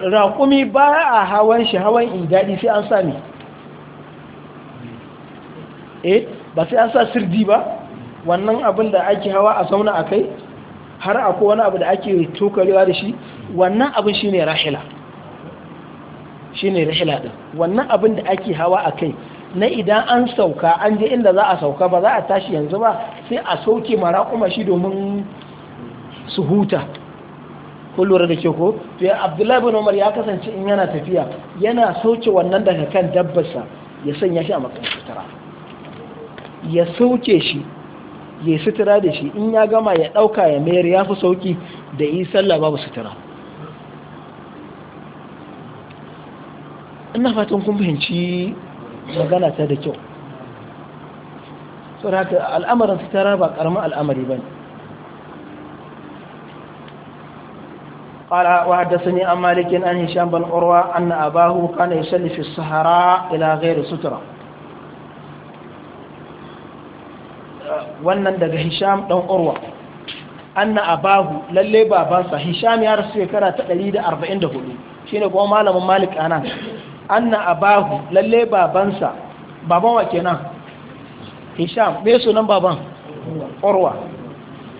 raƙumi ba a hawan shi hawan in daɗi sai an sami eh ba sai an sa sirdi ba wannan abin da ake hawa a zauna a kai har a wani abu da ake tokarewa da shi wannan abin shine rahila shine rahila ɗin wannan abin da ake hawa a kai na idan an sauka an je inda za a sauka ba za a tashi yanzu ba sai a sauke mara kuma shi domin su huta kullum da ke ko to abdullahi bin umar ya kasance in yana tafiya yana sauke wannan daga kan dabbarsa ya sanya shi a matsayin sutura ya sauke shi ya sutura da shi in ya gama ya ɗauka ya mayar ya fi sauki da yi sallah babu sutura ina fatan kun fahimci magana ta da kyau sau da haka al'amarin sutura ba ƙaramin al'amari ba ne قال وحدثني عن مالك عن هشام بن عروة أن أباه كان يصلي في الصحراء إلى غير سترة wannan daga hisham ɗan urwa anna abahu lalle babansa hisham ya rasu shekara ta 144 shine kuma malamin malik anan anna abahu lalle babansa baban wa kenan hisham me sunan baban urwa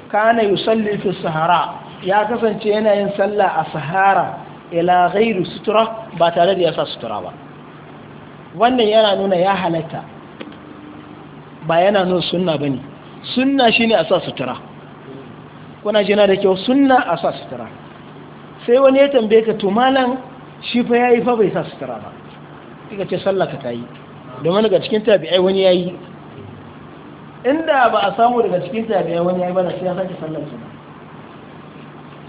kana yusalli fi sahara ya kasance yana yin sallah a sahara ila ghairu sutura ba tare da yasa sutura ba wannan yana nuna ya halatta ba yana nun sunna ba ne sunna shi ne a sa sutura kuna jina da kyau sunna a sa sutura sai wani ya tambaye ka tumalan shi fa ya yi fa bai sa sutura ba kika ce sallaka ta yi domin daga cikin tabi'ai wani ya yi inda ba a samu daga cikin tabi'ai wani ya yi ba da shi ya sake sallar su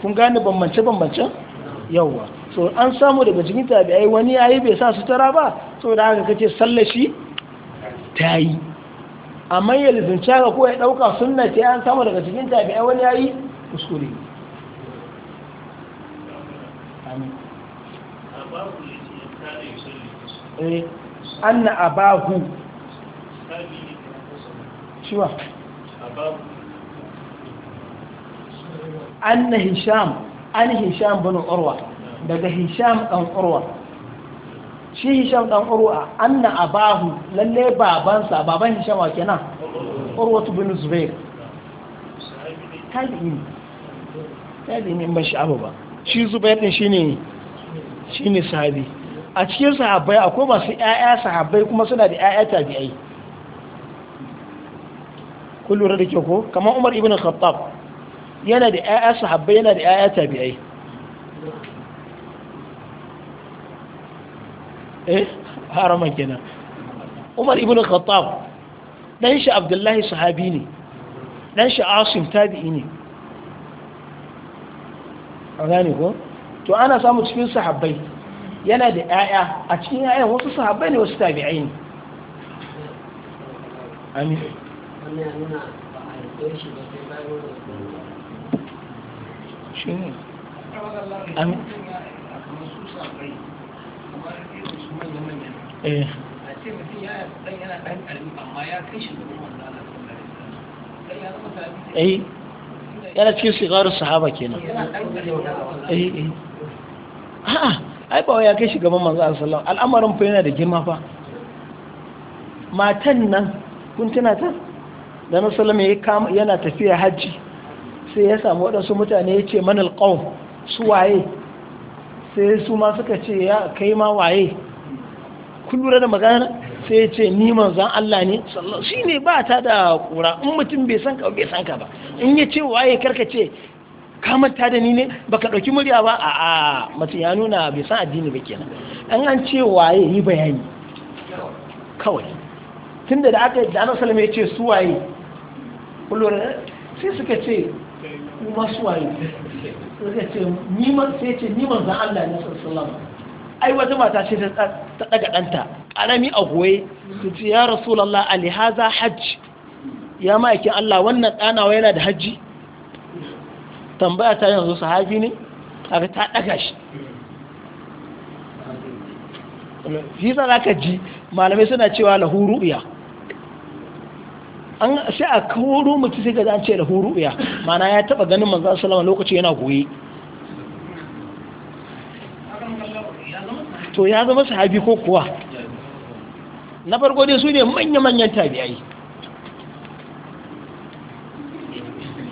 kun gane bambance-bambance yawwa so an samu daga cikin tabi'ai wani ya yi bai sa sutura ba saboda da haka kace sallar shi ta yi amma ya lizinci ko ya ɗauka sunna ce an samu daga cikin tabi'ai wani ya yi kuskure eh, anna abahu shiwa anna hisham an hisham bin urwa daga hisham ɗan urwa shi hisham dan urwa anna abahu lalle babansa baban hisham wake nan urwa bin zubair tabi'in tabi'in ba shi abu ba shi zubair din shine shine sahabi a cikin sahabbai akwai masu ƴaƴa sahabbai kuma suna da ƴaƴa tabi'ai kun lura da kyau ko kamar Umar ibn Khattab yana da ƴaƴa sahabbai yana da ƴaƴa tabi'ai eh harama kenan umar ibn khattab dan shi abdullahi sahabi ne dan shi asim tabi'i ne gane ko to ana samu cikin sahabbai yana da 'ya'ya a cikin 'ya'yan wasu sahabbai ne wasu tabi'ai ne amin shi ne amin eh eh yana cikin sigarar sahaba kenan eh eh a'a ai ba ya kai shugaban manzo sallallahu alaihi al'amarin fa yana da girma fa matan nan kun tana ta da na sallama yana tafiya hajji sai ya samu waɗansu mutane ya ce manal qawm su waye sai su ma suka ce ya kai ma waye kun da magana sai ce ni zan Allah ne sallallahu shi ne ba ta da kura in mutum bai san ka bai san ka ba in ya ce waye karka ce ka manta da ni ne baka dauki murya ba a a mutum ya nuna bai san addini ba kenan an an ce waye yi bayani kawai tunda da aka da Annabi sallallahu ya ce su waye kullum sai suka ce kuma su waye sai ce ni man sai ce ni manzon Allah ne sallallahu ai wata mata ce ta daga danta karami a goye su ce ya rasulullah alihaza hajj ya ma'aikin Allah wannan ɗanawa yana da hajji tambaya ta yanzu sahabi ne aka ta daga shi shi za ka ji malamai suna cewa lahu an sai a kawo mutum sai ga an ce da huru ya mana ya taba ganin manzo sallama lokaci yana goye to ya zama sahabi ko kuwa na farko dai su ne manya-manyan tabi'ai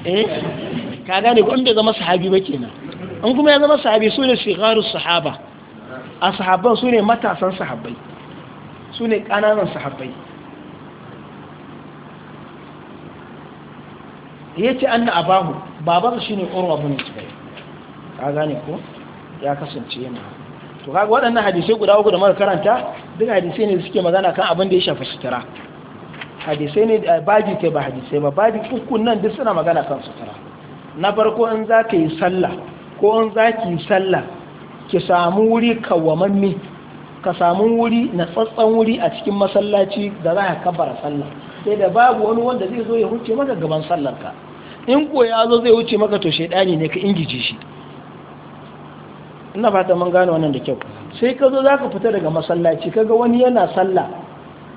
eh ka gane ko inda zama sahabi ba kenan an kuma ya zama sahabi su ne shigaru sahaba a sahabban su ne matasan sahabbai su ne ƙananan sahabbai da ya ce anna abahu baban shi ne urwa su bai ka gane ko ya kasance yana to kaga waɗannan hadisai guda uku da karanta duk hadisai ne suke magana kan abin da ya shafi sutura hadisai ne eh, baji kai ba hadisai ba baji uku nan duk suna magana kan sutura na farko in za ka yi sallah ko in za ki yi sallah ki samu wuri kawwamammi ka samu wuri na tsatsan wuri a cikin masallaci da za ka kabbara sallah sai da babu wani wanda zai zo ya huce maka gaban sallarka in ko ya zo zai wuce maka to shaidani ne ka ingije shi ina fata mun gane wannan da kyau sai ka zo za ka fita daga masallaci kaga wani yana sallah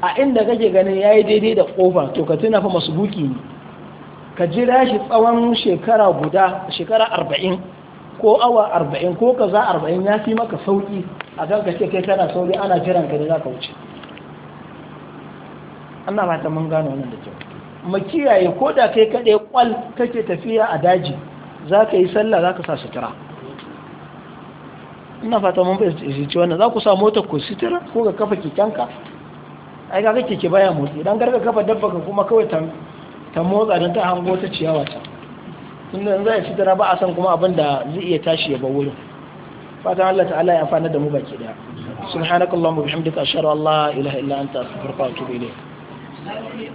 a inda kake ganin ya yi daidai da ƙofa, to ka tuna fa buki ne ka jira shi tsawon shekara guda shekara arba'in, ko awa arba'in, ko kaza arba'in, ya fi maka sauki a kan ka ce kai kana sauri ana jiran ka da ka wuce Ana fata mun gane wannan da kyau Makiyaye ko da kai kaɗai ƙwal kake tafiya a daji za ka yi sallah za ka sa sutura ina fata mun fahimci wannan za ku sa motar ku sutura ko ga kafa kekenka ai ga keke baya motsi idan garga kafa dabba ka kuma kawai ta motsa don ta hango ta ciyawa ta in za a sutura ba a san kuma abin da zai iya tashi ya ba wurin fatan Allah ta'ala ya amfana da mu baki daya subhanakallahumma bihamdika ashhadu an la ilaha illa anta astaghfiruka wa atubu ilayk